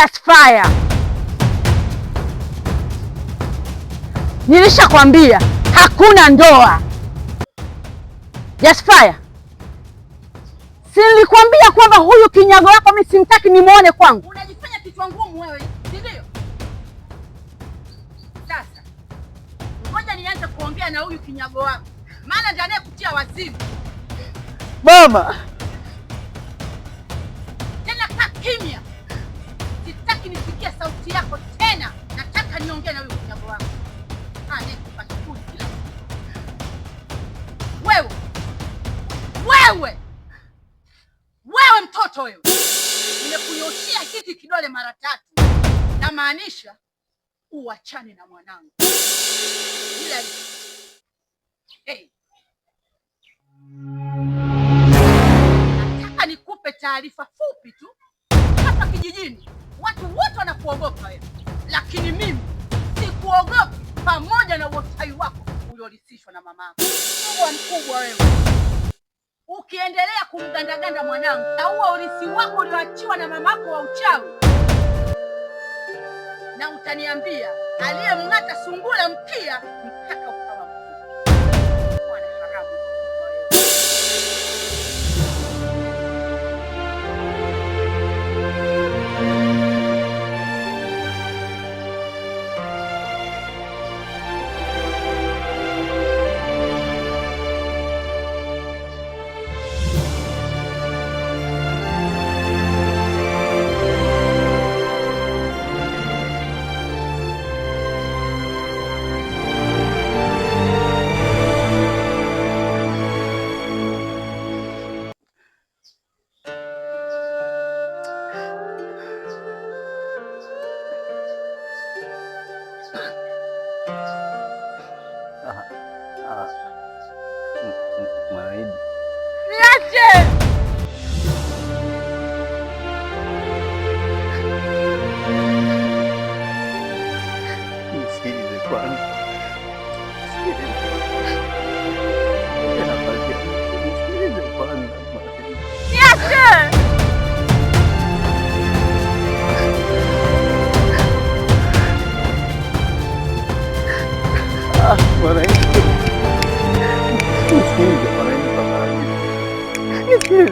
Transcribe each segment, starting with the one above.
just fire. Nilishakwambia hakuna ndoa just fire. Si nilikwambia kwamba huyu kinyago wako mimi simtaki nimuone kwangu. Unajifanya kichwa ngumu wewe, si ndio? Sasa ngoja nianze kuongea na huyu kinyago wako, maana ndiye anayekutia wazimu. Mama kaniongea na huyu mjambo wangu anekupa ah, kiburi kila wewe wewe wewe mtoto wewe, nimekunyoshia kiti kidole mara tatu, namaanisha uachane na mwanangu ila hey. Nataka nikupe taarifa fupi tu, hapa kijijini watu wote wanakuogopa wewe lakini mimi sikuogopa, pamoja na uotai wako uliorithishwa na mama yako. Mbwa mkubwa wewe, ukiendelea kumgandaganda mwanangu, taua urithi wako ulioachiwa na mama yako wa uchawi, na utaniambia aliyemng'ata sungura mkia Niache!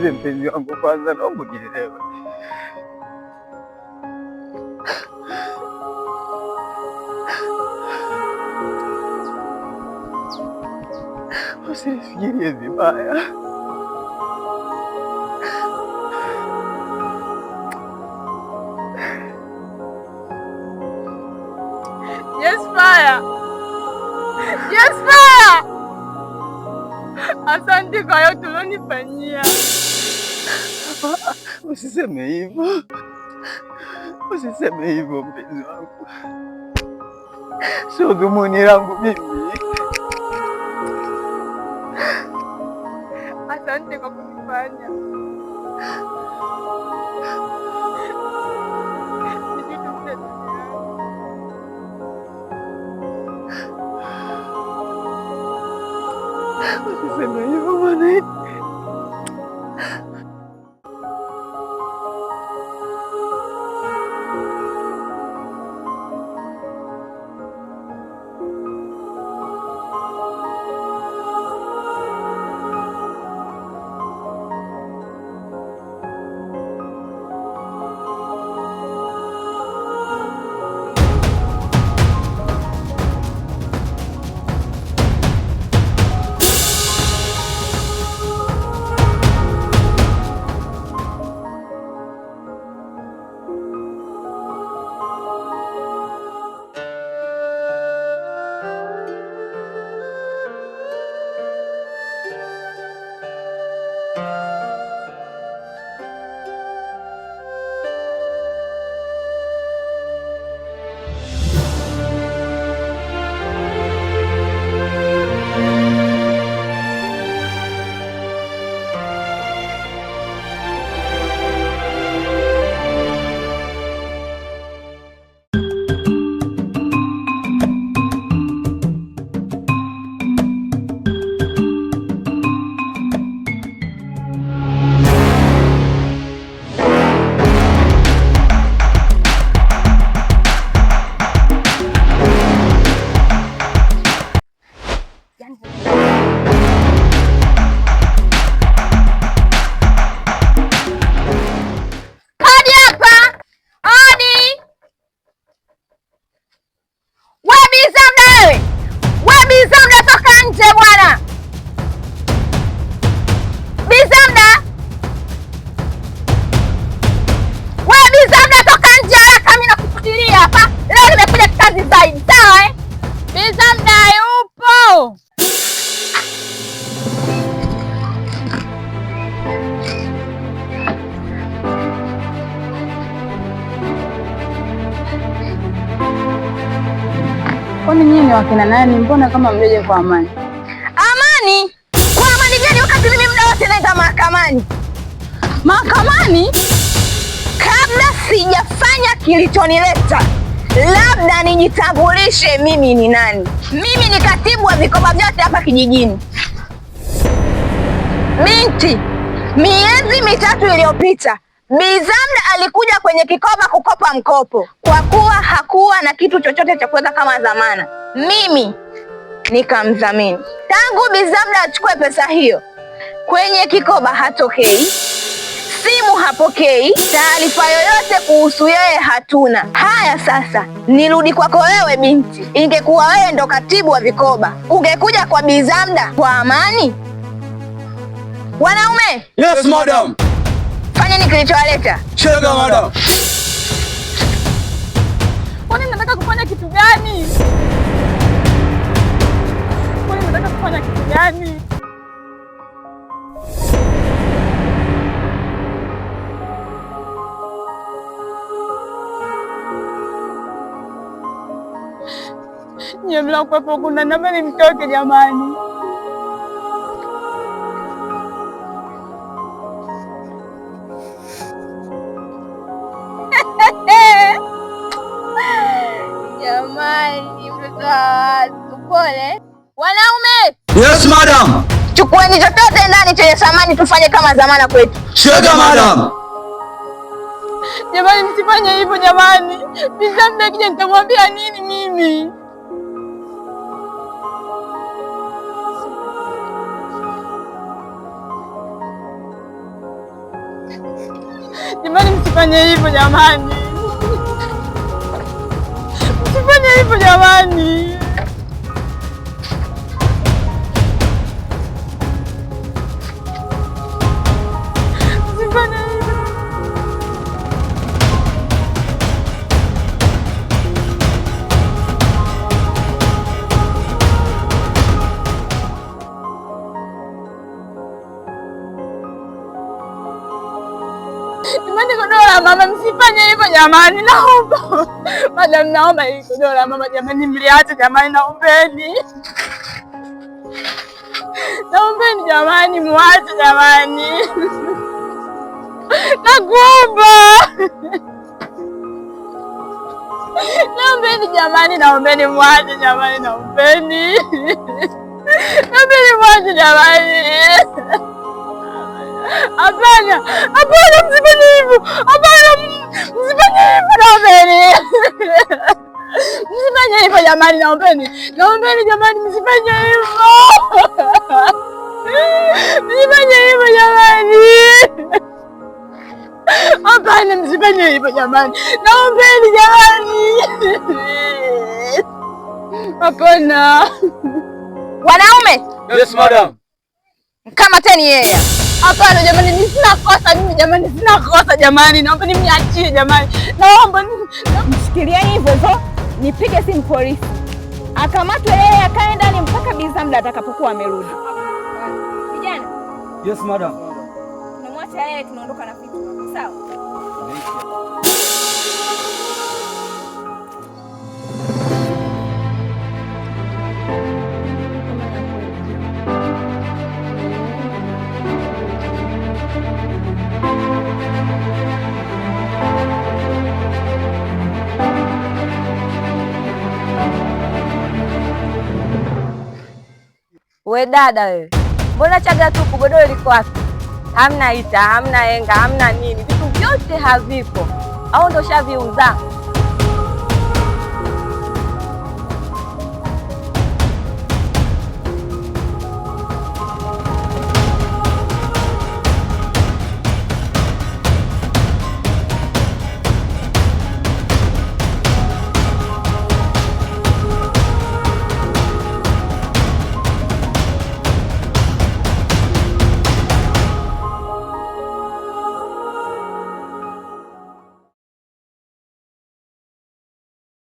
nisikilize mpenzi wangu kwanza, naomba unielewe. Usinifikirie vibaya, Asante kwa yote ulionifanyia. Você é meu irmão. Vocês é meu irmão, mpenzi wangu. Sio dhumuni langu mimi. Asante kwa kunifanya Você é meu akina nani? Mbona kama mjeje kwa amani? Amani kwa amani gani, wakati mimi muda wote naenda mahakamani? Mahakamani kabla sijafanya kilichonileta, labda nijitambulishe mimi ni nani. Mimi ni katibu wa vikoba vyote hapa kijijini. Binti, miezi mitatu iliyopita bizamda alikuja kwenye Kikoba kukopa mkopo, kwa kuwa hakuwa na kitu chochote cha kuweka kama dhamana. Mimi nikamdhamini. Tangu bizamda achukue pesa hiyo, kwenye Kikoba hatokei, simu hapokei, taarifa yoyote kuhusu yeye hatuna. Haya, sasa nirudi kwako wewe binti. Ingekuwa wewe ndo katibu wa vikoba, ungekuja kwa bizamda kwa amani. Wanaume, yes madam nini kilichowaleta? Shoga madam. Kwani nataka kufanya kitu gani? Kwani nataka kufanya kitu gani? Nyie mnakuwepo, kuna namba nimtoke jamani. chochote ndani chenye thamani, tufanye kama zamana kwetu. Shega madam. Jamani, msifanye hivyo jamani, bisamda kija nitamwambia nini mimi? Jamani, msifanye hivyo jamani, msifanye hivyo jamani. Nimani godoro la mama, msifanye hivyo jamani, naomba madam, naomba hili godoro la mama jamani, mliache jamani, naombeni, naombeni jamani, mwache jamani, nakuomba, naombeni jamani, naombeni mwache jamani, naombeni, naombeni mwache jamani Hapana, hapana, msifanye hivyo. Hapana, msifanye hivyo, naombeni. Msifanye hivyo jamani, naombeni, naombeni jamani, msifanye hivyo, msifanye hivyo jamani. Hapana, msifanye hivyo jamani, naombeni jamani. Hapana wanaume. Yes madam. Mkamateni yeye. Hapana jamani, mimi sina kosa, mimi jamani, sina kosa jamani, naomba nimniachie jamani, naomba mshikilieni hivyo hivyo, nipige simu polisi akamatwe yeye, akae ndani mpaka Bizamda atakapokuwa amerudi. Kijana. Yes madam. Tunamwacha yeye, tunaondoka na vitu. Sawa. We dada we, mbona chaga tupu? Godoro liko wapi? Hamna ita, hamna enga, hamna nini, vitu vyote haviko au ndo shaviuza?